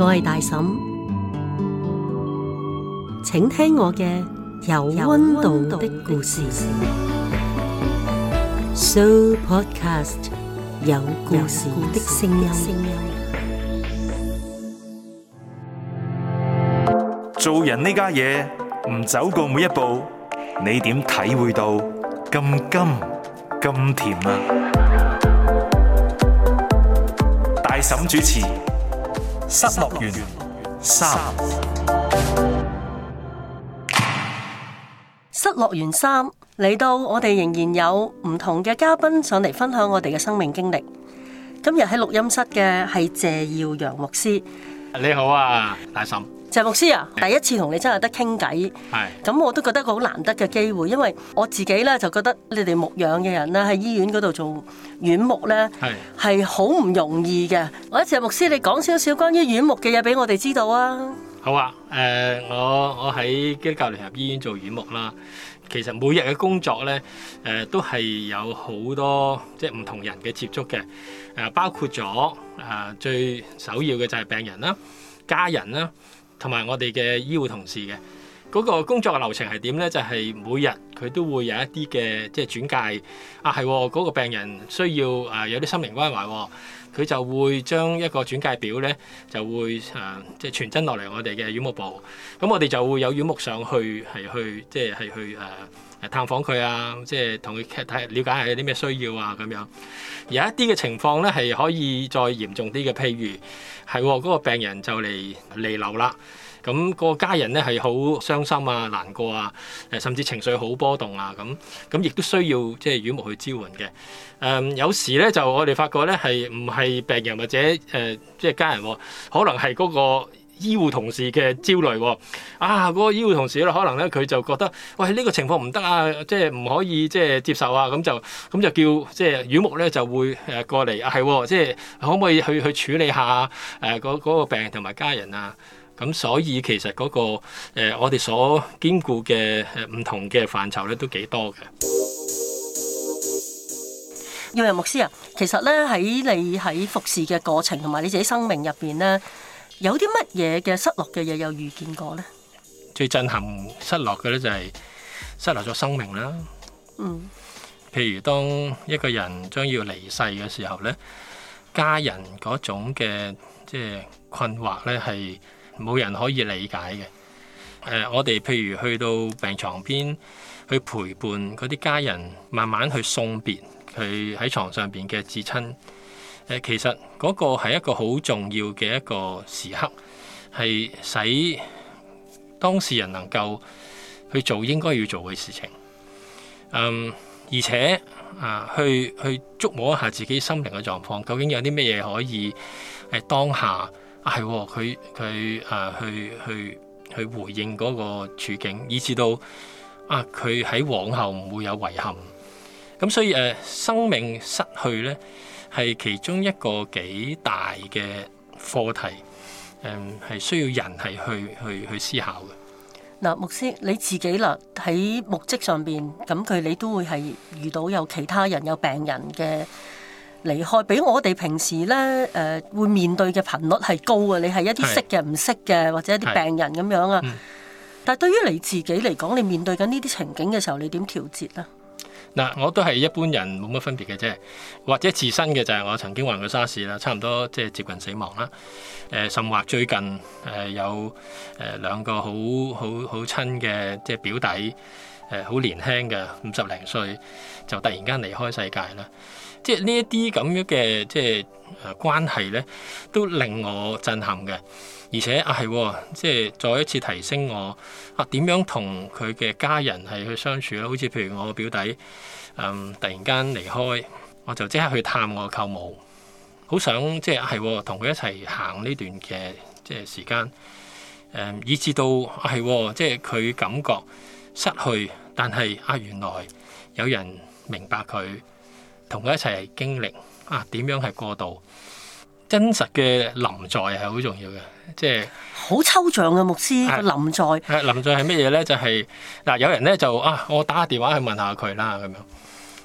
我係大嬸，請聽我嘅有溫度的故事。So podcast 有故事的聲音。做人呢家嘢唔走過每一步，你點體會到咁甘咁甜啊？大嬸主持。失落完三，失落完三，嚟到我哋仍然有唔同嘅嘉賓上嚟分享我哋嘅生命經歷。今日喺錄音室嘅係謝耀陽牧師，你好啊，大嬸。謝牧師啊，第一次同你真係得傾偈，咁是我都覺得個好難得嘅機會，因為我自己咧就覺得你哋牧養嘅人咧，喺醫院嗰度做院牧咧係係好唔容易嘅。我覺得謝牧師，你講少少關於院牧嘅嘢俾我哋知道啊。好啊，誒、呃，我我喺基督教聯合醫院做院牧啦。其實每日嘅工作咧，誒、呃、都係有好多即係唔同人嘅接觸嘅，誒、呃、包括咗誒、呃、最首要嘅就係病人啦、家人啦。同埋我哋嘅醫護同事嘅。嗰個工作流程係點呢？就係、是、每日佢都會有一啲嘅即係轉介，啊係嗰、那個病人需要誒、啊、有啲心靈關懷，佢、啊、就會將一個轉介表呢就會誒即係傳真落嚟我哋嘅院務部。咁我哋就會有院務上去係去即係係去誒、啊、探訪佢啊，即係同佢睇了解下有啲咩需要啊咁樣。有一啲嘅情況呢，係可以再嚴重啲嘅，譬如係嗰、那個病人就嚟彌留啦。咁個家人咧係好傷心啊、難過啊，誒甚至情緒好波動啊，咁咁亦都需要即係羽毛去支援嘅。誒、嗯、有時咧就我哋發覺咧係唔係病人或者誒、呃、即係家人、哦，可能係嗰個醫護同事嘅焦慮喎、哦。啊嗰、嗰個醫護同事咧，可能咧佢就覺得喂呢、呢個情況唔得啊，即係唔可以即係接受啊，咁就咁就叫即係羽毛咧就會誒過嚟，係、啊哦、即係可唔可以去去處理下誒嗰嗰個病人同埋家人啊？咁所以其實嗰個誒，我哋所兼顧嘅誒唔同嘅範疇咧，都幾多嘅。牧人牧師啊，其實咧喺你喺服侍嘅過程同埋你自己生命入邊咧，有啲乜嘢嘅失落嘅嘢有遇見過咧？最震撼失落嘅咧就係失落咗生命啦。嗯，譬如當一個人將要離世嘅時候咧，家人嗰種嘅即係困惑咧係。冇人可以理解嘅。誒、呃，我哋譬如去到病床邊，去陪伴嗰啲家人，慢慢去送別佢喺床上邊嘅至親。誒、呃，其實嗰個係一個好重要嘅一個時刻，係使當事人能夠去做應該要做嘅事情。嗯，而且啊、呃，去去觸摸一下自己心靈嘅狀況，究竟有啲咩嘢可以誒、呃、當下。係，佢佢誒去去去回應嗰個處境，以至到啊佢喺往後唔會有遺憾。咁、嗯、所以誒、呃、生命失去咧，係其中一個幾大嘅課題。誒、嗯，係需要人係去去去思考嘅。嗱、啊，牧師你自己啦喺牧職上邊，咁佢你都會係遇到有其他人有病人嘅。離開比我哋平時咧，誒、呃、會面對嘅頻率係高啊！你係一啲識嘅，唔識嘅，或者一啲病人咁樣啊。嗯、但係對於你自己嚟講，你面對緊呢啲情景嘅時候，你點調節啊？嗱、呃，我都係一般人冇乜分別嘅啫，或者自身嘅就係我曾經患過沙士啦，差唔多即係接近死亡啦。誒、呃，甚或最近誒、呃、有誒、呃、兩個好好好親嘅即係表弟，誒、呃、好年輕嘅五十零歲就突然間離開世界啦。即係呢一啲咁樣嘅即係誒關係咧，都令我震撼嘅。而且啊係、哦，即係再一次提升我啊點樣同佢嘅家人係去相處啦。好似譬如我表弟誒、嗯、突然間離開，我就即刻去探我舅母，好想即係係同佢一齊行呢段嘅即係時間。誒、嗯，以致到啊係、哦、即係佢感覺失去，但係啊原來有人明白佢。同佢一齊經歷啊，點樣係過渡？真實嘅臨在係好重要嘅，即係好抽象嘅牧師嘅臨、啊、在。誒、啊，臨在係乜嘢咧？就係、是、嗱、啊，有人咧就啊，我打下電話去問下佢啦咁樣。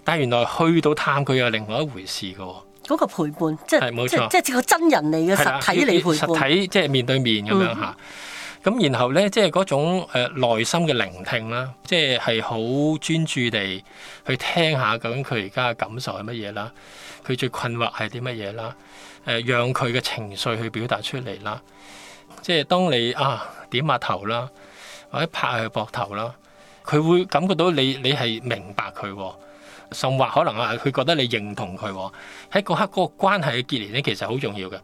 但係原來去到探佢又另外一回事嘅喎。嗰個陪伴，即係冇錯，即係個真人嚟嘅實體嚟陪伴，啊、實體即係面對面咁樣嚇。嗯咁然後咧，即係嗰種誒內心嘅聆聽啦，即係係好專注地去聽下究竟佢而家嘅感受係乜嘢啦，佢最困惑係啲乜嘢啦，誒讓佢嘅情緒去表達出嚟啦。即係當你啊點下頭啦，或者拍下佢膊頭啦，佢會感覺到你你係明白佢，甚或可能啊佢覺得你認同佢喺嗰刻嗰個關係嘅結連咧，其實好重要嘅。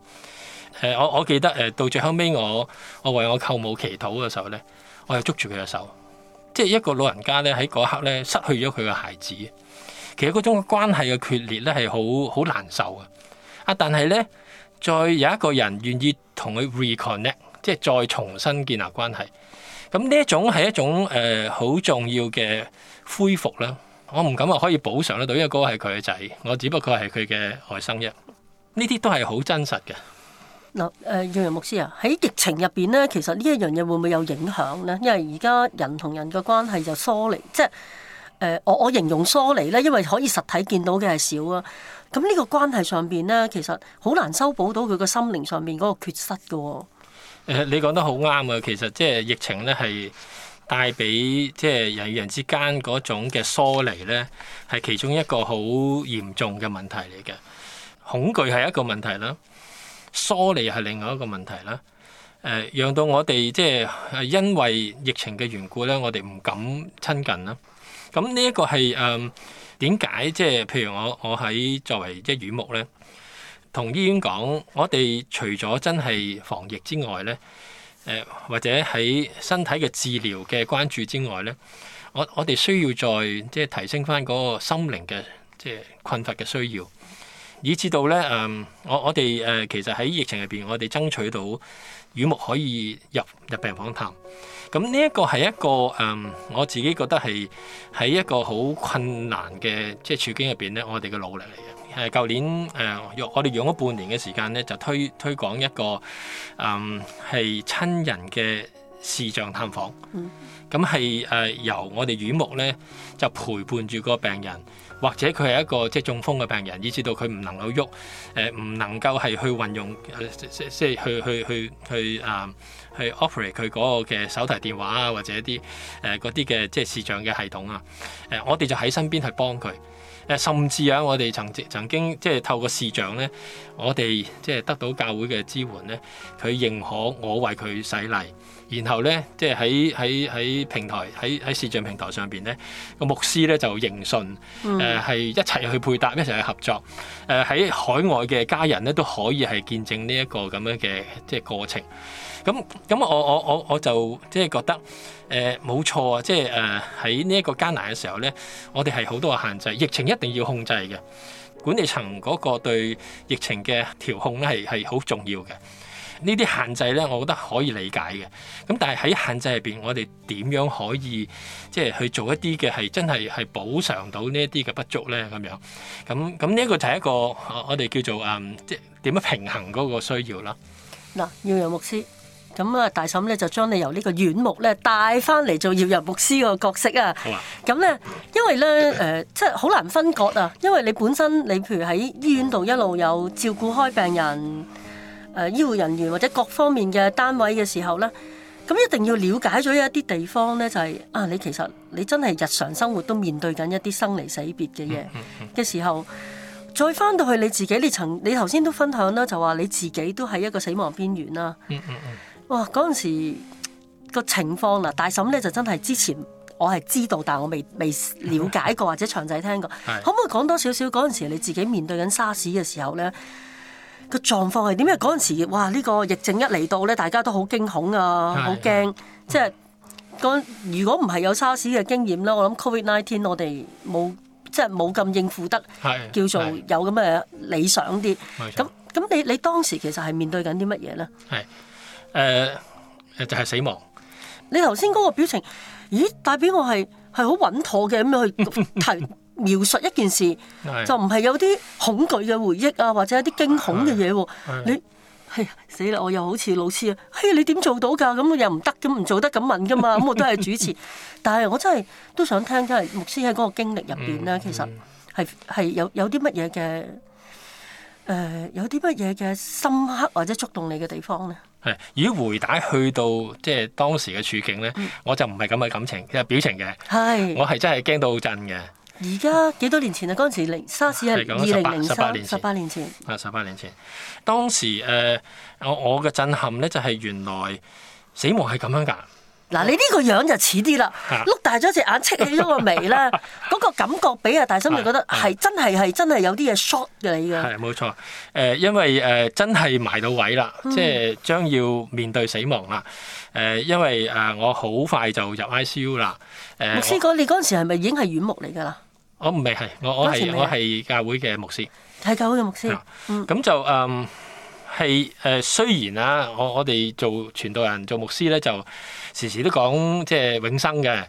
誒，我我記得誒，到最後尾，我我為我舅母祈禱嘅時候咧，我又捉住佢嘅手，即係一個老人家咧，喺嗰刻咧，失去咗佢嘅孩子，其實嗰種關係嘅決裂咧係好好難受嘅。啊，但係咧再有一個人願意同佢 reconnect，即係再重新建立關係，咁呢一種係一種誒好、呃、重要嘅恢復啦。我唔敢話可以補償得到，因為嗰個係佢嘅仔，我只不過係佢嘅外甥，一呢啲都係好真實嘅。嗱，誒、呃，楊牧師啊，喺疫情入邊咧，其實呢一樣嘢會唔會有影響咧？因為而家人同人嘅關係就疏離，即係誒、呃，我我形容疏離咧，因為可以實體見到嘅係少啊。咁呢個關係上邊咧，其實好難修補到佢個心靈上面嗰個缺失㗎喎、哦呃。你講得好啱啊！其實即係疫情咧，係帶俾即係人與人之間嗰種嘅疏離咧，係其中一個好嚴重嘅問題嚟嘅。恐懼係一個問題啦。疏離係另外一個問題啦，誒、呃，讓到我哋即係因為疫情嘅緣故咧，我哋唔敢親近啦。咁呢一個係誒點解？即係譬如我我喺作為一院牧咧，同醫院講，我哋除咗真係防疫之外咧，誒、呃、或者喺身體嘅治療嘅關注之外咧，我我哋需要再即係提升翻嗰個心靈嘅即係困乏嘅需要。以至到咧誒、嗯，我我哋誒、呃、其實喺疫情入邊，我哋爭取到羽木可以入入病房探。咁、嗯、呢、這個、一個係一個誒，我自己覺得係喺一個好困難嘅即係處境入邊咧，我哋嘅努力嚟嘅。係舊年誒、呃、我哋用咗半年嘅時間咧，就推推廣一個誒係親人嘅。視像探訪，咁係誒由我哋語目呢就陪伴住個病人，或者佢係一個即係、就是、中風嘅病人，以至到佢唔能夠喐誒，唔、呃、能夠係去運用、呃、即係去去去啊去啊去 operate 佢嗰個嘅手提電話啊，或者啲誒嗰啲嘅即係視像嘅系統啊。誒、呃，我哋就喺身邊去幫佢誒、呃，甚至啊，我哋曾、曾經曾經即係透過視像呢，我哋即係得到教會嘅支援呢，佢認可我為佢洗禮。然後咧，即係喺喺喺平台，喺喺視像平台上邊咧，個牧師咧就認信，誒係、嗯呃、一齊去配搭，一齊去合作，誒、呃、喺海外嘅家人咧都可以係見證呢一個咁樣嘅即係過程。咁、嗯、咁我我我我就即係覺得誒冇錯啊！即係誒喺呢一個艱難嘅時候咧，我哋係好多個限制，疫情一定要控制嘅，管理層嗰個對疫情嘅調控咧係係好重要嘅。呢啲限制咧，我覺得可以理解嘅。咁但係喺限制入邊，我哋點樣可以即係去做一啲嘅係真係係補償到呢一啲嘅不足咧？咁樣咁咁呢一個就係一個我哋叫做誒、嗯、即係點樣平衡嗰個需要啦。嗱，業餘牧師咁啊，大嬸咧就將你由呢個軟木咧帶翻嚟做業餘牧師個角色啊。好啊。咁咧，因為咧誒，即係好難分割啊。因為你本身你譬如喺醫院度一路有照顧開病人。誒、呃、醫護人員或者各方面嘅單位嘅時候呢，咁、嗯、一定要了解咗一啲地方呢。就係、是、啊，你其實你真係日常生活都面對緊一啲生離死別嘅嘢嘅時候，再翻到去你自己，你曾你頭先都分享啦，就話你自己都喺一個死亡邊緣啦。哇、啊！嗰陣時個情況啦，大嬸呢就真係之前我係知道，但我未未瞭解過或者詳細聽過。 可唔可以講多少少嗰陣時你自己面對緊沙士嘅時候呢？個狀況係點？因為嗰陣時，哇，呢、這個疫症，一嚟到咧，大家都好驚恐啊，好驚的的，即係個如果唔係有沙士嘅經驗啦，我諗 Covid Nineteen 我哋冇即係冇咁應付得，係的叫做有咁嘅理想啲。咁咁的，你你當時其實係面對緊啲乜嘢咧？係誒、呃，就係、是、死亡。你頭先嗰個表情，咦，代表我係係好穩妥嘅咁去提。 描述一件事，是就唔係有啲恐懼嘅回憶啊，或者有啲驚恐嘅嘢喎。是你死啦、哎！我又好似老師啊，嘿、哎，你點做到㗎？咁又唔得嘅，唔做得咁問㗎嘛。咁我都係主持， 但係我真係都想聽，真係牧師喺嗰個經歷入邊呢，其實係係有有啲乜嘢嘅誒，有啲乜嘢嘅深刻或者觸動你嘅地方呢？係，如果回帶去到即係、就是、當時嘅處境呢，我就唔係咁嘅感情，即、就、係、是、表情嘅。係， 我係真係驚到震嘅。而家幾多年前啊？嗰陣時零沙士 3, s 係二零零三年十八年前。係、啊、十八年前，當時誒、呃、我我嘅震撼咧就係、是、原來死亡係咁樣㗎。嗱、啊、你呢個樣就似啲啦，碌、啊、大咗隻眼，戚起咗個眉啦，嗰 個感覺俾啊大心，就、啊、覺得係、啊、真係係真係有啲嘢 shot 㗎，你個係冇錯。誒、呃、因為誒、呃、真係埋到位啦，嗯、即係將要面對死亡啦。誒、呃、因為誒我好快就入 ICU 啦。牧師哥，你嗰陣時係咪已經係軟木嚟㗎啦？呃呃呃我唔係係，我我係我係教會嘅牧師，係教會嘅牧師。咁就誒，係誒，雖然啦，我我哋做傳道人做牧師咧，就時時都講即係永生嘅，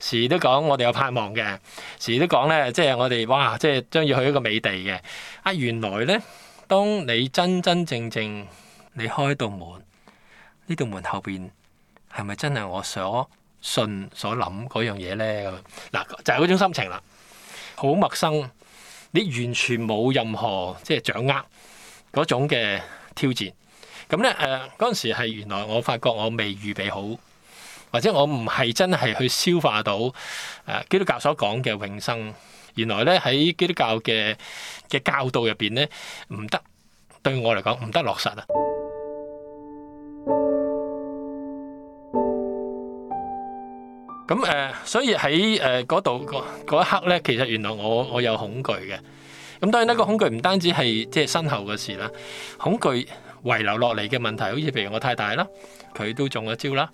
時都講我哋有盼望嘅，時都講咧，即係我哋哇，即係將要去一個美地嘅。啊，原來咧，當你真真正正你開道門呢道門後邊係咪真係我所信所諗嗰樣嘢咧？嗱，就係嗰種心情啦。好陌生，你完全冇任何即係掌握嗰種嘅挑戰。咁咧誒，嗰、呃、陣時係原來我發覺我未預備好，或者我唔係真係去消化到、呃、基督教所講嘅永生。原來咧喺基督教嘅嘅教導入邊咧唔得，對我嚟講唔得落實啊！咁誒、嗯，所以喺誒嗰度嗰一刻咧，其實原來我我有恐懼嘅。咁當然咧，個恐懼唔單止係即係身後嘅事啦，恐懼遺留落嚟嘅問題，好似譬如我太太啦，佢都中咗招啦。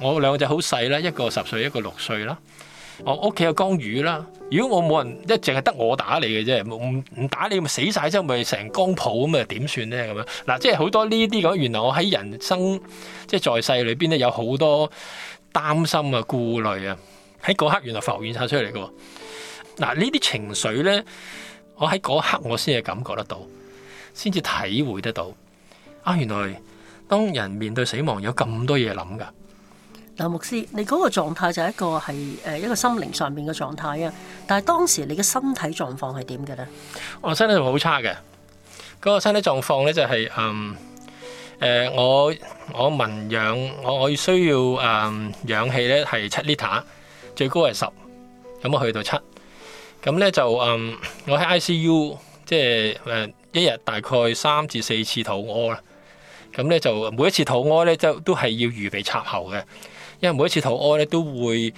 我兩個仔好細啦，一個十歲，一個六歲啦。我屋企有缸魚啦。如果我冇人，一淨係得我打理嘅啫，唔唔打理咪死曬啫，咪成缸泡咁啊？點算咧咁樣？嗱，即係好多呢啲咁。原來我喺人生即係在世裏邊咧，有好多。擔心啊，顧慮啊，喺嗰刻原來浮現晒出嚟嘅喎。嗱，呢啲情緒咧，我喺嗰刻我先係感覺得到，先至體會得到。啊，原來當人面對死亡有咁多嘢諗噶。嗱，牧師，你嗰個狀態就係一個係誒一個心靈上面嘅狀態啊，但係當時你嘅身體狀況係點嘅咧？我身體好差嘅，嗰、那個身體狀況咧就係、是、嗯。誒、呃，我我聞氧，我我需要誒、嗯、氧氣咧係七 Litre，最高係十，咁啊去到七，咁咧就誒、嗯、我喺 ICU，即係誒一日大概三至四次肚屙啦，咁咧就每一次肚屙咧就都係要預備插喉嘅，因為每一次肚屙咧都會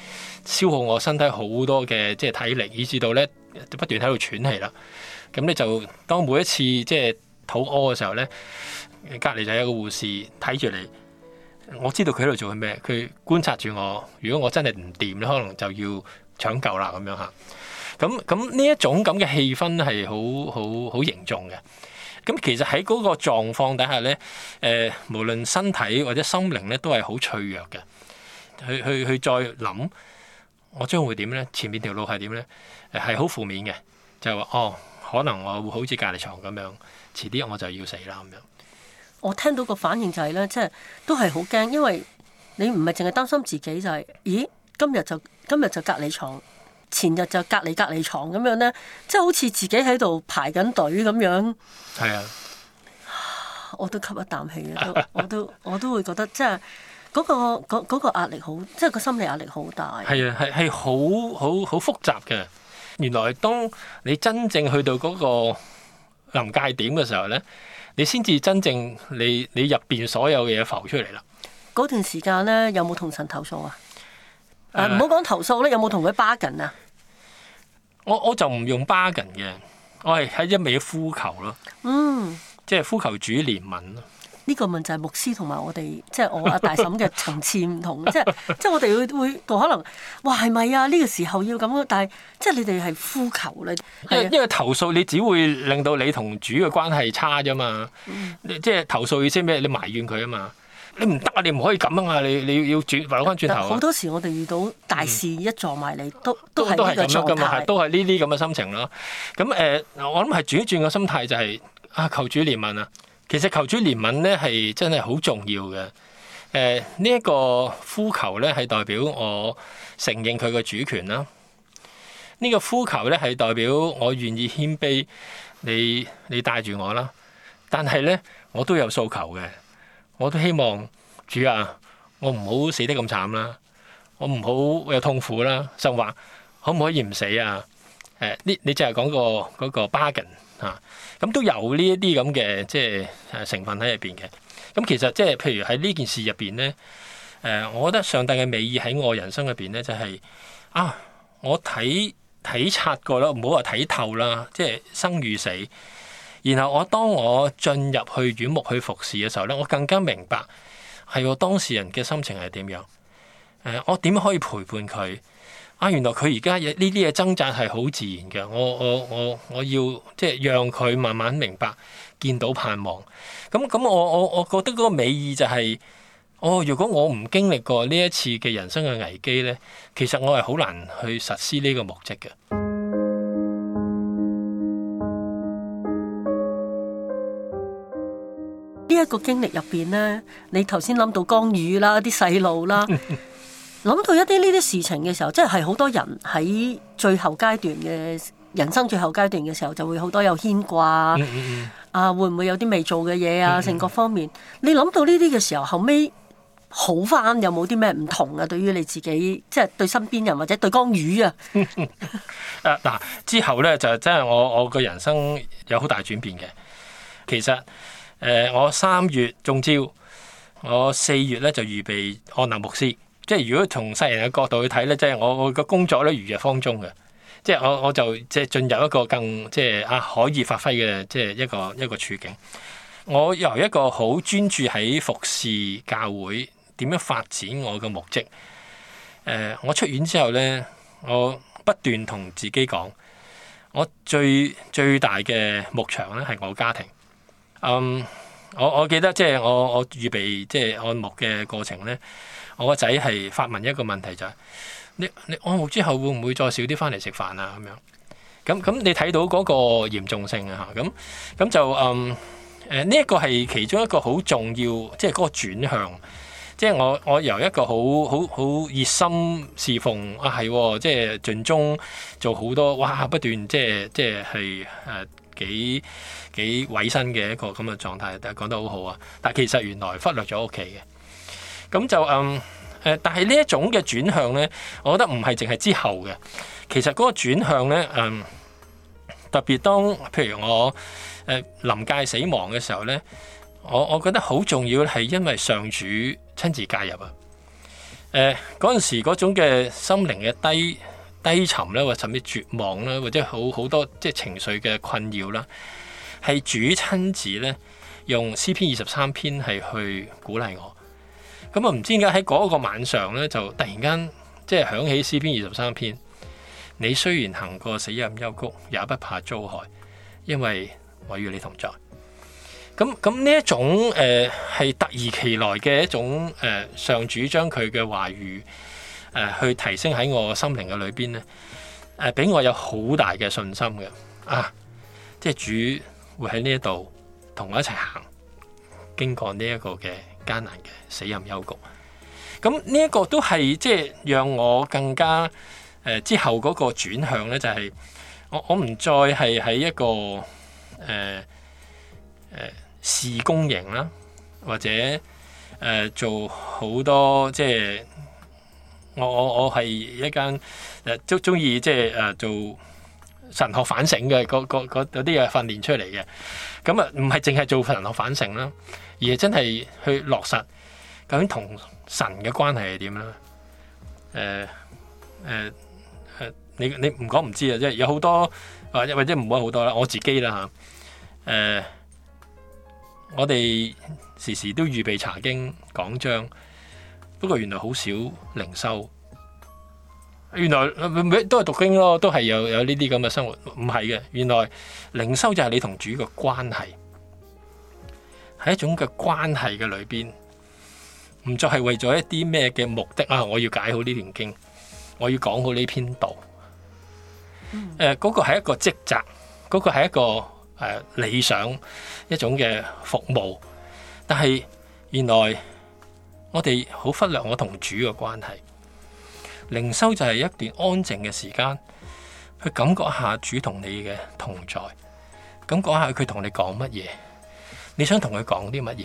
消耗我身體好多嘅即係體力，以至到咧不斷喺度喘氣啦，咁咧就當每一次即係肚屙嘅時候咧。隔籬就有個護士睇住你，我知道佢喺度做緊咩，佢觀察住我。如果我真係唔掂咧，可能就要搶救啦，咁樣吓。咁咁呢一種咁嘅氣氛係好好好凝重嘅。咁其實喺嗰個狀況底下呢，誒、呃，無論身體或者心靈咧，都係好脆弱嘅。去去去，去再諗我將會點呢？前面條路係點呢？誒，係好負面嘅，就話、係、哦，可能我會好似隔籬床咁樣，遲啲我就要死啦，咁樣。我聽到個反應就係咧，即係都係好驚，因為你唔係淨係擔心自己，就係、係、咦，今日就今日就隔離床，前日就隔離隔離牀咁樣咧，即係好似自己喺度排緊隊咁樣。係啊，我都吸一啖氣啊，我都我都，我都會覺得即係嗰個嗰、嗰個、壓力好，即係個心理壓力好大。係啊，係係好好好複雜嘅。原來當你真正去到嗰個臨界點嘅時候咧。你先至真正你，你你入邊所有嘅嘢浮出嚟啦。嗰段時間咧，有冇同神投訴啊？誒、呃，唔好講投訴咧，有冇同佢 bargain 啊？我我就唔用 bargain 嘅，我係喺一味呼求咯。嗯，即係呼求主憐憫咯。呢個問題就係牧師同埋我哋，即係我阿大嬸嘅層次唔同， 即係即係我哋會會可能話係咪啊？呢、呢個時候要咁，但係即係你哋係呼求咧。啊、因為因為投訴你只會令到你同主嘅關係差啫嘛。嗯、即係投訴意思咩？你埋怨佢啊嘛。你唔得啊！你唔可以咁啊！你你要要轉翻轉頭、啊。好多時我哋遇到大事一撞埋你、嗯，都都係個狀態，都係呢啲咁嘅心情啦。咁誒、嗯呃，我諗係主一轉嘅心態就係、是、啊，求主憐憫啊！其實求主憐憫咧係真係好重要嘅。誒，呢一個呼求咧係代表我承認佢嘅主權啦，呢、這個呼求咧係代表我願意謙卑你，你你帶住我啦，但係咧我都有訴求嘅，我都希望主啊，我唔好死得咁慘啦，我唔好有痛苦啦，甚至，可唔可以唔死啊？誒、呃，呢你就係講、那個嗰、那個 bargain。啊，咁都有呢一啲咁嘅即係、呃、成分喺入邊嘅。咁其實即係譬如喺呢件事入邊咧，誒、呃，我覺得上帝嘅美意喺我人生入邊咧，就係、是、啊，我睇睇察過啦，唔好話睇透啦，即係生與死。然後我當我進入去院牧去服侍嘅時候咧，我更加明白係我當事人嘅心情係點樣。誒、呃，我點可以陪伴佢？啊！原來佢而家有呢啲嘅掙扎係好自然嘅。我我我我要即係讓佢慢慢明白，見到盼望。咁咁，我我我覺得嗰個美意就係、是，哦，如果我唔經歷過呢一次嘅人生嘅危機咧，其實我係好難去實施呢個目的嘅。呢一個經歷入邊咧，你頭先諗到江雨啦，啲細路啦。 諗到一啲呢啲事情嘅時候，即係好多人喺最後階段嘅人生最後階段嘅時候，就會好多有牽掛、嗯嗯、啊，會唔會有啲未做嘅嘢啊？性格、嗯嗯、方面，你諗到呢啲嘅時候，後尾好翻，有冇啲咩唔同啊？對於你自己，即係對身邊人或者對光宇啊？嗱、 啊，之後呢，就真係我我嘅人生有好大轉變嘅。其實、呃、我三月中招，我四月呢就預備按立牧師。即係如果從世人嘅角度去睇咧，即係我我嘅工作咧如日方中嘅，即係我我就即係進入一個更即係啊可以發揮嘅即係一個一個處境。我由一個好專注喺服侍教會點樣發展我嘅目的。誒、呃，我出院之後咧，我不斷同自己講，我最最大嘅牧場咧係我家庭。嗯、um。我我記得即係我我預備即係按摩嘅過程咧，我個仔係發問一個問題就係、是：你你按摩之後會唔會再少啲翻嚟食飯啊？咁樣咁咁你睇到嗰個嚴重性啊？嚇咁咁就嗯誒呢一個係其中一個好重要，即係嗰個轉向。即係我我由一個好好好熱心侍奉啊，係、哦、即係盡忠做好多哇，不斷即係即係係誒。啊幾幾委身嘅一個咁嘅狀態，講得好好啊！但其實原來忽略咗屋企嘅，咁就嗯誒，但係呢一種嘅轉向呢，我覺得唔係淨係之後嘅，其實嗰個轉向呢，嗯，特別當譬如我誒呃、臨界死亡嘅時候呢，我我覺得好重要係因為上主親自介入啊！誒、呃，嗰陣時嗰種嘅心靈嘅低。低沉啦，或甚至絕望啦，或者好好多即係情緒嘅困擾啦，係主親自咧用詩篇二十三篇係去鼓勵我。咁啊，唔知點解喺嗰一個晚上咧，就突然間即係響起詩篇二十三篇。你雖然行過死蔭幽谷，也不怕遭害，因為我與你同在。咁咁呢一種誒係突如其來嘅一種誒，上主將佢嘅話語。誒、呃，去提升喺我心靈嘅裏邊咧，誒、呃，俾我有好大嘅信心嘅啊！即係主會喺呢一度同我一齊行，經過呢一個嘅艱難嘅死蔭幽谷。咁呢一個都係即係讓我更加、呃、之後嗰個轉向呢就係、是、我我唔再係喺一個誒誒事工型啦，或者、呃、做好多即係。我我我係一間誒，都中意即係誒做神學反省嘅，嗰啲嘢訓練出嚟嘅。咁啊，唔係淨係做神學反省啦，而係真係去落實究竟同神嘅關係係點啦。誒誒你你唔講唔知啊，即、啊、係、啊啊、有好多、啊、或者或者唔好話好多啦，我自己啦嚇。誒、啊啊，我哋時時都預備查經講章。不過原來好少靈修，原來每都係讀經咯，都係有有呢啲咁嘅生活。唔係嘅，原來靈修就係你同主嘅關係，係一種嘅關係嘅裏邊，唔再係為咗一啲咩嘅目的啊，我要解好呢段經，我要講好呢篇道。誒，嗰個係一個職責，嗰個係一個誒理想，一種嘅服務。但係原來。我哋好忽略我同主嘅關係，靈修就係一段安靜嘅時間，去感覺下主同你嘅同在，咁講下佢同你講乜嘢，你想同佢講啲乜嘢，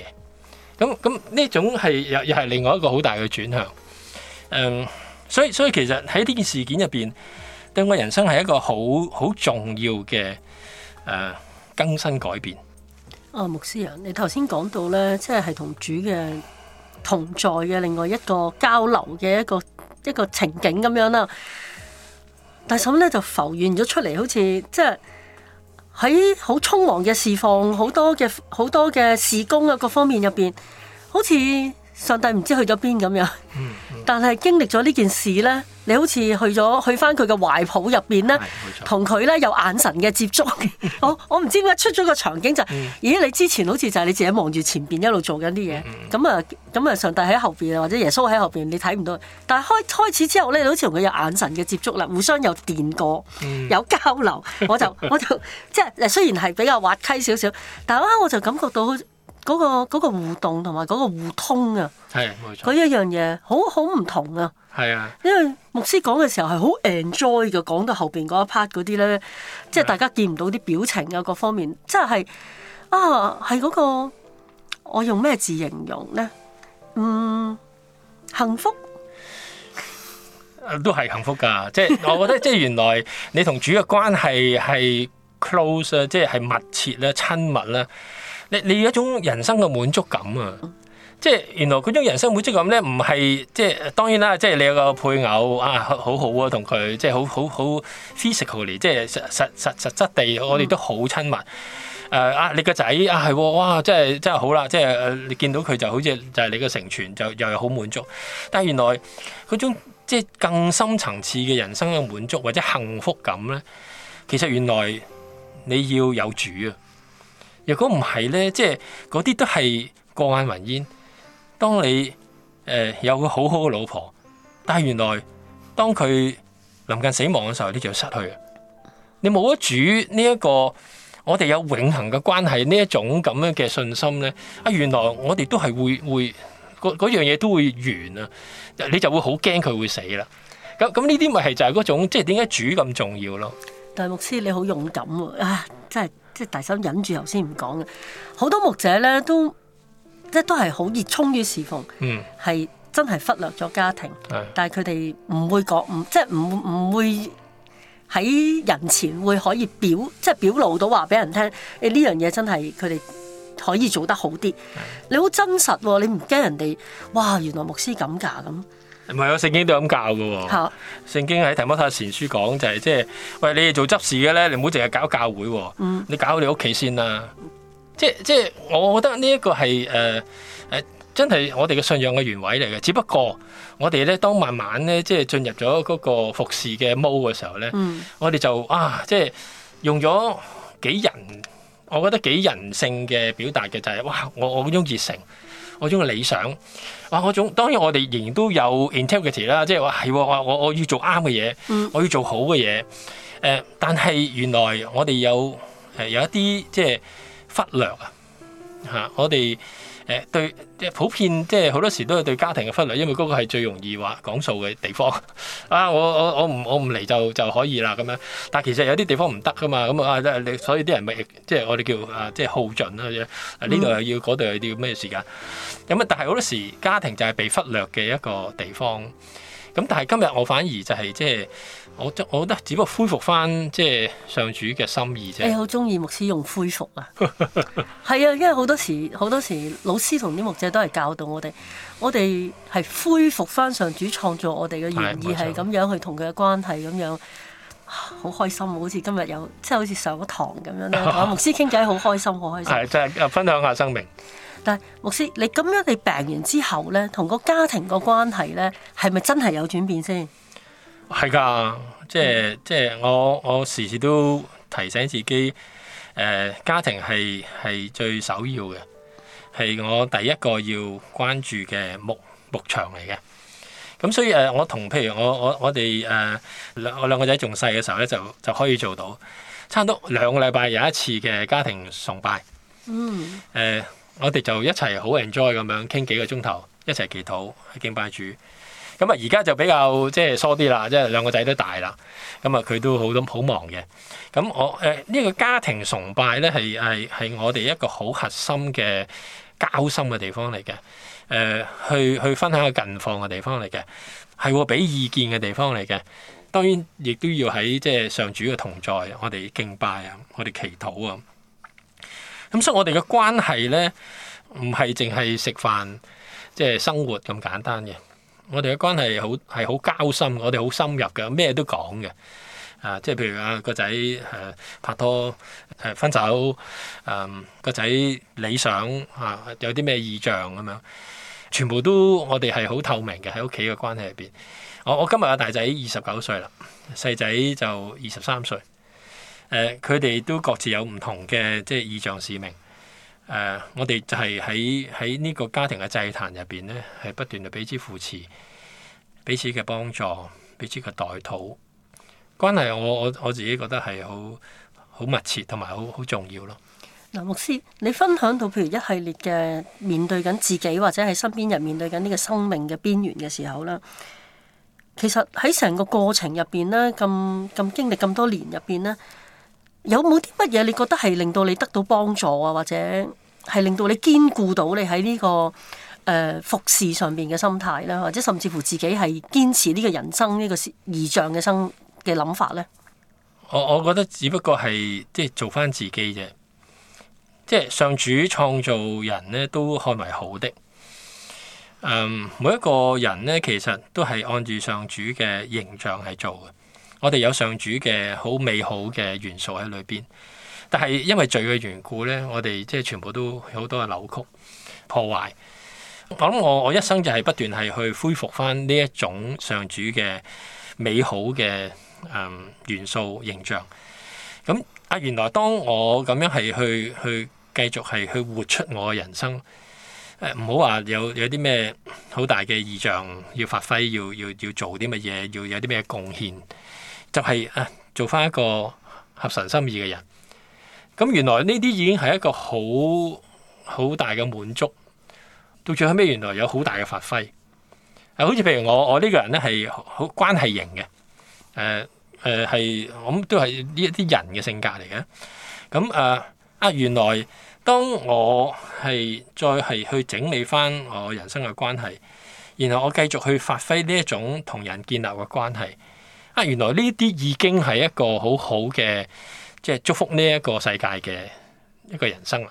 咁咁呢種係又又係另外一個好大嘅轉向，uh, 所以所以其實喺呢件事件入邊，對我人生係一個好好重要嘅誒、uh, 更新改變。哦、啊，牧師啊，你頭先講到呢，即係同主嘅。同在嘅另外一個交流嘅一個一個情景咁樣啦，大嬸咧就浮現咗出嚟，好似即係喺好匆忙嘅侍奉，好多嘅好多嘅事工啊，各方面入邊，好似上帝唔知去咗邊咁樣。但係經歷咗呢件事咧。你好似去咗去翻佢嘅懷抱入邊咧，同佢咧有眼神嘅接觸。我， 我唔知點解出咗個場景就是， 咦？你之前好似就你自己望住前邊一路做緊啲嘢，咁啊咁啊，上帝喺後邊或者耶穌喺後邊，你睇唔到。但係開開始之後咧，你好似同佢有眼神嘅接觸啦，互相有電過， 有交流。我就我就，我就即係，雖然係比較滑稽少少，但係咧，我就感覺到。嗰、嗰個、嗰個互動同埋嗰個互通啊，係冇錯，嗰一樣嘢好好唔同啊。係啊，因為牧師講嘅時候係好 enjoy 嘅，講到後邊嗰一 part 嗰啲咧，即係大家見唔到啲表情啊，各方面，即係啊，係嗰、嗰個我用咩字形容咧？嗯，幸福，都係幸福噶。 即係我覺得，即係原來你同主嘅關係係 close，啊，即係密切啦，親密啦。你你有一種人生嘅滿足感啊！即係原來嗰種人生滿足感咧，唔係即係當然啦，即係你有個配偶啊，好好啊，同佢即係好好好 physically 即係實實實實地，我哋都好親密。誒啊，你個仔啊係、哦、哇，即真係真係好啦，即係、啊、你見到佢就好似就係你嘅成全，就又係好滿足。但係原來嗰種即係更深層次嘅人生嘅滿足或者幸福感咧，其實原來你要有主啊！如果唔係咧，即係嗰啲都係過眼雲煙。當你誒、呃、有個好好嘅老婆，但係原來當佢臨近死亡嘅時候，呢就失去啦。你冇咗主呢一個，我哋有永恆嘅關係呢一種咁樣嘅信心咧，啊原來我哋都係會會嗰嗰樣嘢都會完啊，你就會好驚佢會死啦。咁咁呢啲咪係就係嗰種即係點解主咁重要咯？大牧師你好勇敢喎、啊，啊真係。即係大心忍住，頭先唔講嘅，好多牧者咧都即係都係好熱衷於侍奉，嗯，係真係忽略咗家庭，嗯、但係佢哋唔會講，唔即係唔唔會喺人前會可以表，即係表露到話俾人聽，誒呢樣嘢真係佢哋可以做得好啲。嗯哦，你好真實，你唔驚人哋，哇，原來牧師咁噶咁。唔係，聖經都咁教嘅。聖經喺提摩太前書講就係，即係喂你哋做執事嘅咧，你唔好淨係搞教會，你搞好你屋企先啦。即即係我覺得呢一個係誒誒，真係我哋嘅信仰嘅原位嚟嘅。只不過我哋咧，當慢慢咧，即係進入咗嗰個服事嘅模嘅時候咧，我哋就啊，即係用咗幾人，我覺得幾人性嘅表達嘅就係哇，我我好有熱誠。我中意理想，話、啊、我中當然我哋仍然都有 integrity 啦，即係話係，我我我要做啱嘅嘢，我要做，mm. 我要做好嘅嘢。誒、呃，但係原來我哋有誒、呃、有一啲即係忽略啊嚇，我哋。誒對，即係普遍，即係好多時都係對家庭嘅忽略，因為嗰個係最容易話講數嘅地方啊！我我我唔我唔嚟就就可以啦咁樣。但係其實有啲地方唔得噶嘛，咁啊，你所以啲人咪、就是、即係我哋叫啊，即係耗盡啊，呢度又要嗰度、嗯、又要咩時間？咁啊，但係好多時家庭就係被忽略嘅一個地方。咁但係今日我反而就係、是、即係。我得我覺得只不過恢復翻，即係上主嘅心意啫。你好中意牧師用恢復啊？係啊， 因為好多時好多時，多時老師同啲牧者都係教導我哋，我哋係恢復翻上主創造我哋嘅原意，係咁樣去同佢嘅關係，咁樣好開心，好似今日有即係好似上咗堂咁樣同牧師傾偈好開心，好開心。即係、 就是、分享下生命。但係牧師，你咁樣你病完之後咧，同個家庭個關係咧，係咪真係有轉變先？係㗎，即係即係我我時時都提醒自己，誒、呃、家庭係係最首要嘅，係我第一個要關注嘅牧牧場嚟嘅。咁所以誒、呃，我同譬如我我我哋誒、呃、我兩個仔仲細嘅時候咧，就就可以做到差唔多兩個禮拜有一次嘅家庭崇拜。嗯。呃、我哋就一齊好 enjoy 咁樣傾幾個鐘頭，一齊祈禱敬拜主。咁啊，而家就比較即係疏啲啦，即係兩個仔都大啦。咁啊，佢都好咁好忙嘅。咁我誒呢個家庭崇拜咧，係係係我哋一個好核心嘅交心嘅地方嚟嘅。誒、呃，去去分享近況嘅地方嚟嘅，係俾意見嘅地方嚟嘅。當然亦都要喺即係上主嘅同在，我哋敬拜啊，我哋祈禱啊。咁所以，我哋嘅關係咧，唔係淨係食飯、即係生活咁簡單嘅。我哋嘅關係好係好交心，我哋好深入嘅，咩都講嘅。啊，即係譬如啊個仔誒、啊、拍拖誒、啊、分手，誒、啊、個仔理想啊有啲咩異象咁樣，全部都我哋係好透明嘅喺屋企嘅關係入邊。我我今日阿、啊、大仔二十九歲啦，細仔就二十三歲。誒、啊，佢哋都各自有唔同嘅即係異象使命。誒，uh, 我哋就係喺喺呢個家庭嘅祭壇入邊咧，係不斷嘅彼此扶持、彼此嘅幫助、彼此嘅代禱關係。我我我自己覺得係好好密切同埋好好重要咯。嗱，牧師，你分享到譬如一系列嘅面對緊自己或者係身邊人面對緊呢個生命嘅邊緣嘅時候啦，其實喺成個過程入邊咧，咁咁經歷咁多年入邊咧。有冇啲乜嘢你覺得係令到你得到幫助啊，或者係令到你兼顧到你喺呢、這個誒、呃、服侍上邊嘅心態咧、啊，或者甚至乎自己係堅持呢個人生、這個、呢個意象嘅生嘅諗法咧？我我覺得只不過係即係做翻自己啫，即、就、係、是、上主創造人咧都看為好的。誒、um, 每一個人咧其實都係按住上主嘅形象去做嘅。我哋有上主嘅好美好嘅元素喺裏邊，但係因為罪嘅緣故呢，我哋即係全部都好多嘅扭曲破壞。咁我我，我一生就係不斷係去恢復翻呢一種上主嘅美好嘅，嗯、元素形象。咁啊，原來當我咁樣係去去繼續係去活出我嘅人生，誒唔好話有有啲咩好大嘅異象要發揮，要要要做啲乜嘢，要有啲咩貢獻。就係誒做翻一個合神心意嘅人，咁原來呢啲已經係一個好好大嘅滿足。到最後尾，原來有好大嘅發揮。啊，好似譬如我我呢個人咧係好關係型嘅，誒誒係，我都係呢一啲人嘅性格嚟嘅。咁誒啊，原來當我係再係去整理翻我人生嘅關係，然後我繼續去發揮呢一種同人建立嘅關係。啊！原來呢啲已經係一個好好嘅，即係祝福呢一個世界嘅一個人生啦。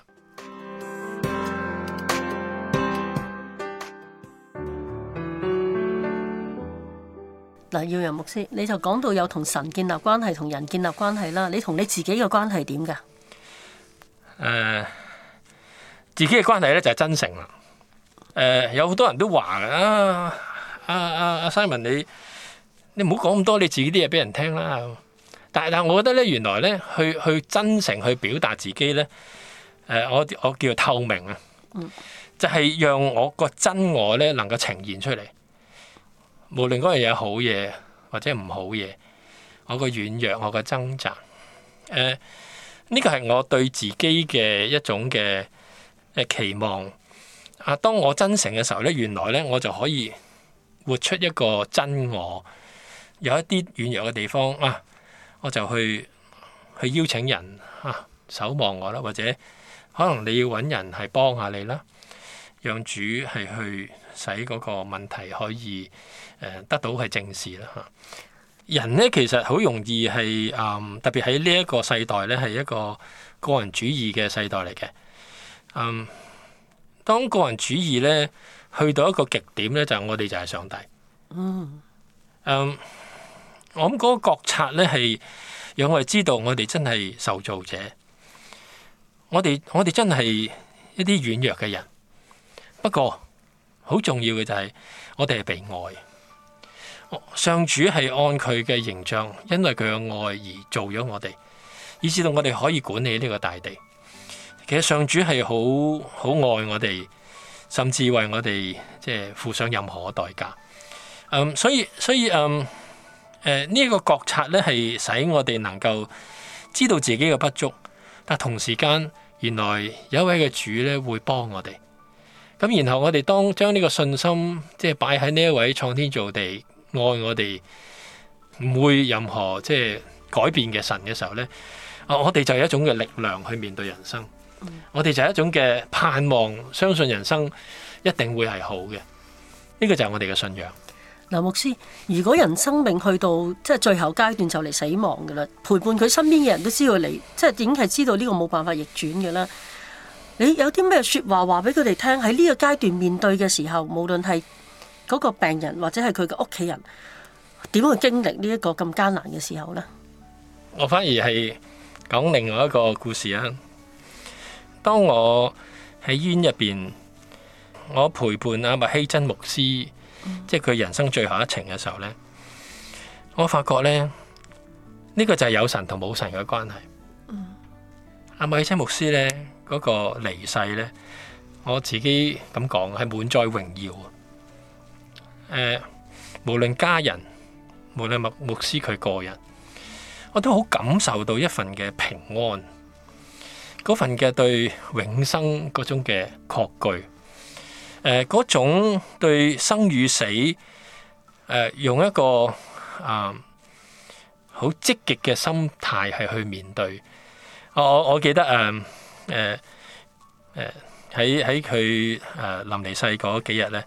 嗱，耀陽牧師，你就講到有同神建立關係，同人建立關係啦。你同你自己嘅關係點㗎？誒，自己嘅關係咧就係真誠啦。誒、呃，有好多人都話啊阿阿阿 Simon 你。你唔好講咁多，你自己啲嘢俾人聽啦。但係但係，我覺得呢，原來呢，去去真誠去表達自己呢，我我叫透明啊，就係讓我個真我，呢能夠呈現出嚟。無論嗰樣嘢好嘢或者唔好嘢，我個軟弱，我個掙扎，呢個係我對自己嘅一種嘅期望。啊，當我真誠嘅時候呢，原來呢，我就可以活出一個真我。有一啲軟弱嘅地方啊，我就去去邀請人啊守望我啦，或者可能你要揾人係幫下你啦，讓主係去使嗰個問題可以得到係正視啦嚇。人呢其實好容易係誒、嗯，特別喺呢一個世代呢，係一個個人主義嘅世代嚟嘅。嗯，當個人主義呢去到一個極點呢，就係、是、我哋就係上帝。嗯嗯我諗嗰個覺察咧係讓我哋知道我哋真係受造者，我哋我哋真係一啲軟弱嘅人。不過好重要嘅就係我哋係被愛，上主係按佢嘅形象，因為佢嘅愛而做咗我哋，以至到我哋可以管理呢個大地。其實上主係好好愛我哋，甚至為我哋即係付上任何嘅代價。嗯，所以所以嗯。呢一個覺察咧，係使我哋能夠知道自己嘅不足，但同時間，原來有一位嘅主咧會幫我哋。咁然後我哋當將呢個信心，即係擺喺呢一位創天造地、愛我哋唔會任何即係改變嘅神嘅時候呢，我哋就有一種嘅力量去面對人生。我哋就有一種嘅盼望，相信人生一定會係好嘅。呢個就係我哋嘅信仰。嗱、啊，牧師，如果人生命去到即係最後階段就嚟死亡噶啦，陪伴佢身邊嘅人都知道你，即係點係知道呢個冇辦法逆轉嘅啦。你有啲咩說話話俾佢哋聽？喺呢個階段面對嘅時候，無論係嗰個病人或者係佢嘅屋企人，點去經歷呢一個咁艱難嘅時候呢？我反而係講另外一個故事啊！當我喺醫院入邊，我陪伴阿、啊、麥希真牧師。即係佢人生最後一程嘅時候呢，我發覺呢，呢、呢個就係有神同冇神嘅關係。阿馬西牧師呢，嗰、嗰個離世呢，我自己咁講係滿載榮耀。誒、呃，無論家人，無論牧牧師佢個人，我都好感受到一份嘅平安，嗰份嘅對永生嗰種嘅確據。誒嗰、呃、種對生與死，誒、呃、用一個啊好、呃、積極嘅心態係去面對。啊、我我記得誒誒誒喺喺佢誒臨離世嗰幾日咧，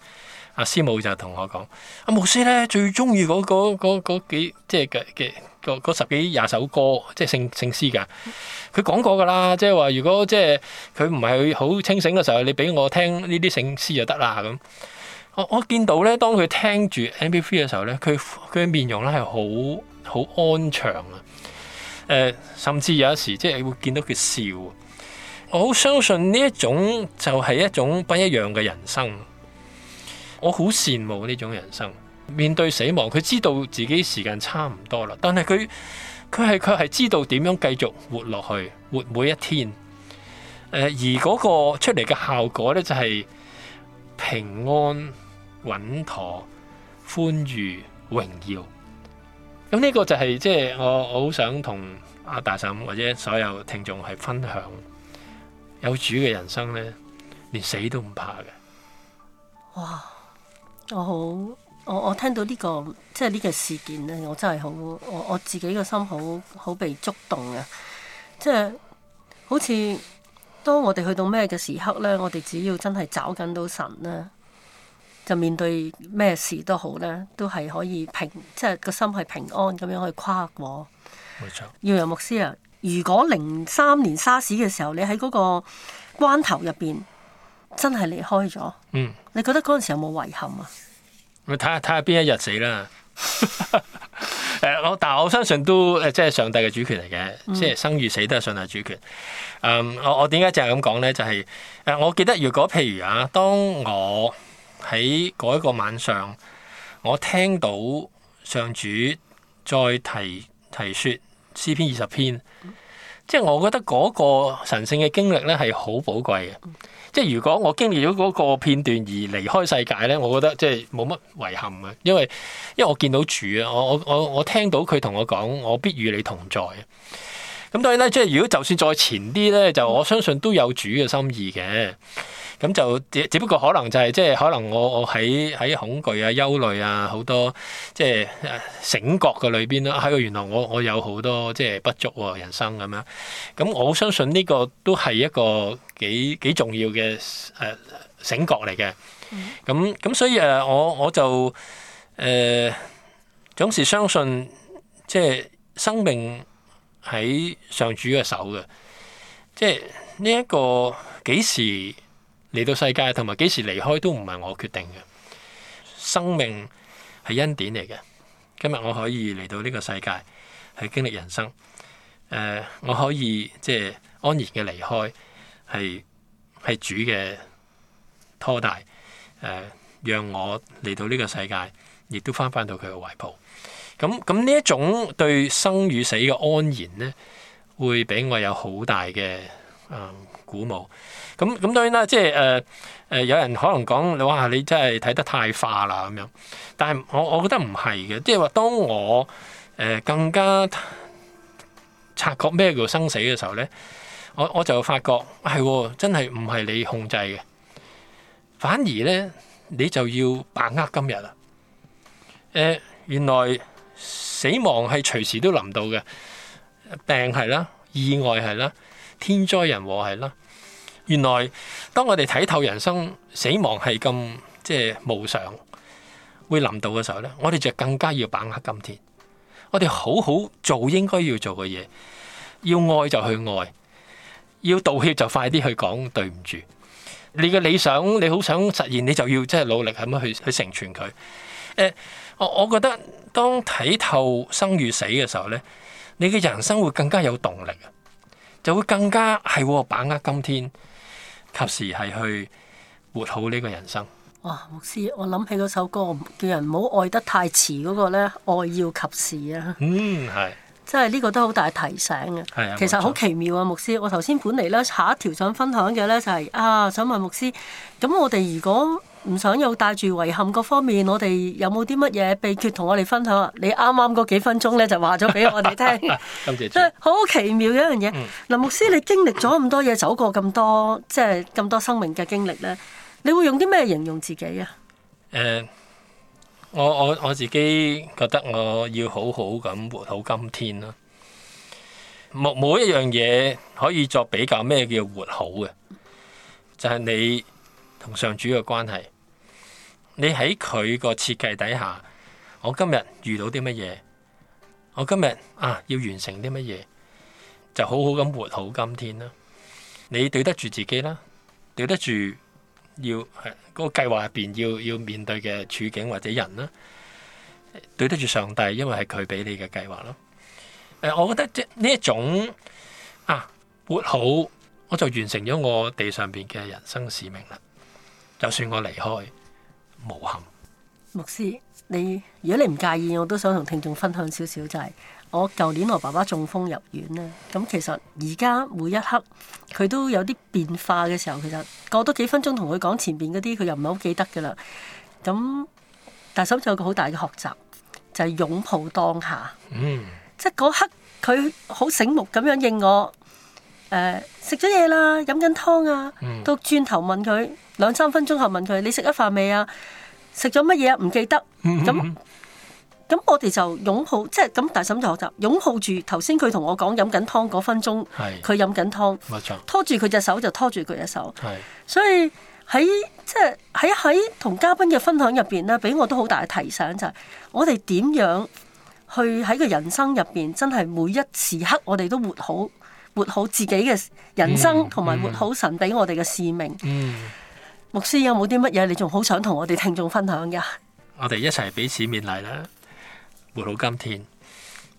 阿、啊、師母就同我講，阿牧師咧最鍾意嗰嗰嗰嗰幾即係嘅嘅。個十幾廿首歌，即係聖聖，聖詩㗎。佢講過㗎啦，即係話如果即係佢唔係好清醒嘅時候，你俾我聽呢啲聖詩就得啦咁。我我見到咧，當佢聽住 MP3 嘅時候咧，佢佢面容咧係好好安詳啊。誒、呃，甚至有一時即係你會見到佢笑。我好相信呢一種就係一種不一樣嘅人生。我好羨慕呢種人生。面對死亡，佢知道自己時間差唔多啦，但係佢佢係佢係知道點樣繼續活落去，活每一天。呃、而嗰個出嚟嘅效果呢，就係、是、平安、穩妥、歡愉、榮耀。咁呢個就係即係我我好想同阿大嬸或者所有聽眾係分享，有主嘅人生呢，連死都唔怕嘅。哇！我好。我我聽到呢個即係呢個事件咧，我真係好，我我自己個心好好被觸動嘅，即係好似當我哋去到咩嘅時刻咧，我哋只要真係找緊到神咧，就面對咩事都好咧，都係可以平，即係個心係平安咁樣去跨過。冇錯，耀仁牧師啊，如果零三年沙士嘅時候，你喺嗰個關頭入邊真係離開咗，嗯，你覺得嗰陣時有冇遺憾啊？睇下睇下邊一日死啦！誒，我但係我相信都誒，即係上帝嘅主權嚟嘅，即係生與死都係上帝主權。嗯，um, 我我點解淨係咁講咧？就係、是、誒，我記得如果譬如啊，當我喺嗰一個晚上，我聽到上主再提提說詩篇二十篇。即係我覺得嗰個神聖嘅經歷咧係好寶貴嘅，即係如果我經歷咗嗰個片段而離開世界咧，我覺得即係冇乜遺憾嘅，因為因為我見到主啊，我我我我聽到佢同我講，我必與你同在。咁當然啦，即係如果就算再前啲咧，就我相信都有主嘅心意嘅。咁就只只不過可能就係，是，即係可能我我喺喺恐懼啊，憂慮啊好多即係醒覺嘅裏邊啦。喺個原來我我有好多即係不足喎，啊，人生咁樣。咁我相信呢個都係一個幾幾重要嘅誒、啊，醒覺嚟嘅。咁咁，嗯、所以誒，我我就誒，呃、總是相信即係生命喺上主嘅手嘅。即係呢一個幾時嚟到世界，同埋幾時離開都唔係我決定嘅。生命係恩典嚟嘅。今日我可以嚟到呢個世界，去經歷人生。誒、呃，我可以即係安然嘅離開，係係主嘅拖帶。誒、呃，讓我嚟到呢個世界，亦都翻返到佢嘅懷抱。咁咁呢一種對生與死嘅安然呢，會俾我有好大嘅誒、嗯、鼓舞。咁咁當然啦，即係誒誒，有人可能講你話你真係睇得太化啦咁樣，但係我我覺得唔係嘅，即係話當我誒、呃、更加察覺咩叫生死嘅時候咧，我我就發覺係、哎、真係唔係你控制嘅，反而咧你就要把握今日啦！誒、呃，原來死亡係隨時都臨到嘅，病係啦，意外係啦，天災人禍係啦。原來當我哋睇透人生死亡係咁，即係無常會臨到嘅時候咧，我哋就更加要把握今天。我哋好好做應該要做嘅嘢，要愛就去愛，要道歉就快啲去講對唔住。你嘅理想你好想實現，你就要即係努力咁樣去去，去成全佢，呃。我我覺得當睇透生與死嘅時候咧，你嘅人生會更加有動力啊，就會更加係、哎、把握今天。及時係去活好呢個人生。哇，牧師，我諗起嗰首歌，叫人唔好愛得太遲，嗰個呢，愛要及時啊。嗯，係，即係呢個都好大提醒啊。係啊，其實好奇妙啊，牧師。我頭先本嚟呢，下一條想分享嘅呢，就係、是、啊，想問牧師，咁我哋如果。唔想又帶住遺憾嗰方面，我哋有冇啲乜嘢秘訣同我哋分享啊？你啱啱嗰幾分鐘咧就話咗俾我哋聽，即係好奇妙嘅一樣嘢。林牧師，你經歷咗咁多嘢，走過咁多，即係咁多生命嘅經歷咧，你會用啲咩形容自己啊？誒，我我我自己覺得我要好好咁活好今天啦。冇冇一樣嘢可以作比較咩叫活好嘅？就係你同上主嘅關係。你喺佢個設計底下，我今日遇到啲乜嘢，我今日啊要完成啲乜嘢，就好好咁活好今天啦。你對得住自己啦，對得住要係嗰、啊嗰個計劃入邊要要面對嘅處境或者人啦、啊，對得住上帝，因為係佢俾你嘅計劃囉、啊。我覺得即呢一種啊活好，我就完成咗我地上邊嘅人生使命啦。就算我離開。無恙牧師，你如果你唔介意，我都想同聽眾分享少少，就係我舊年我爸爸中風入院咧。咁其實而家每一刻佢都有啲變化嘅時候，其實過多幾分鐘同佢講前邊嗰啲，佢又唔係好記得噶啦。咁但係首先有個好大嘅學習，就係擁抱當下，嗯，即係嗰刻佢好醒目咁樣應我，誒，食咗嘢啦，飲緊湯啊，嗯、到轉頭問佢兩三分鐘後問佢，你食咗飯未啊？食咗乜嘢啊？唔記得咁咁，嗯、哼哼擁我哋就擁抱即係咁，大嬸就學習擁抱住頭先佢同我講飲緊湯嗰分鐘，佢飲緊湯，拖住佢隻手就拖住佢隻手，是所以喺即係喺喺同嘉賓嘅分享入邊咧，俾我都好大嘅提醒就係、是，我哋點樣去喺個人生入邊真係每一時刻我哋都活好。活好自己嘅人生，同埋，嗯嗯、活好神俾我哋嘅使命。嗯、牧師有冇啲乜嘢你仲好想同我哋聽眾分享嘅？我哋一齊彼此勉勵啦，活好今天。誒、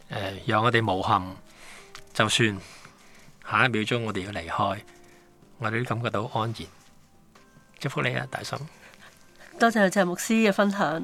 呃，讓我哋無憾，就算下一秒鐘我哋要離開，我哋都感覺到安然。祝福你啊，大生。多謝鄭牧師嘅分享。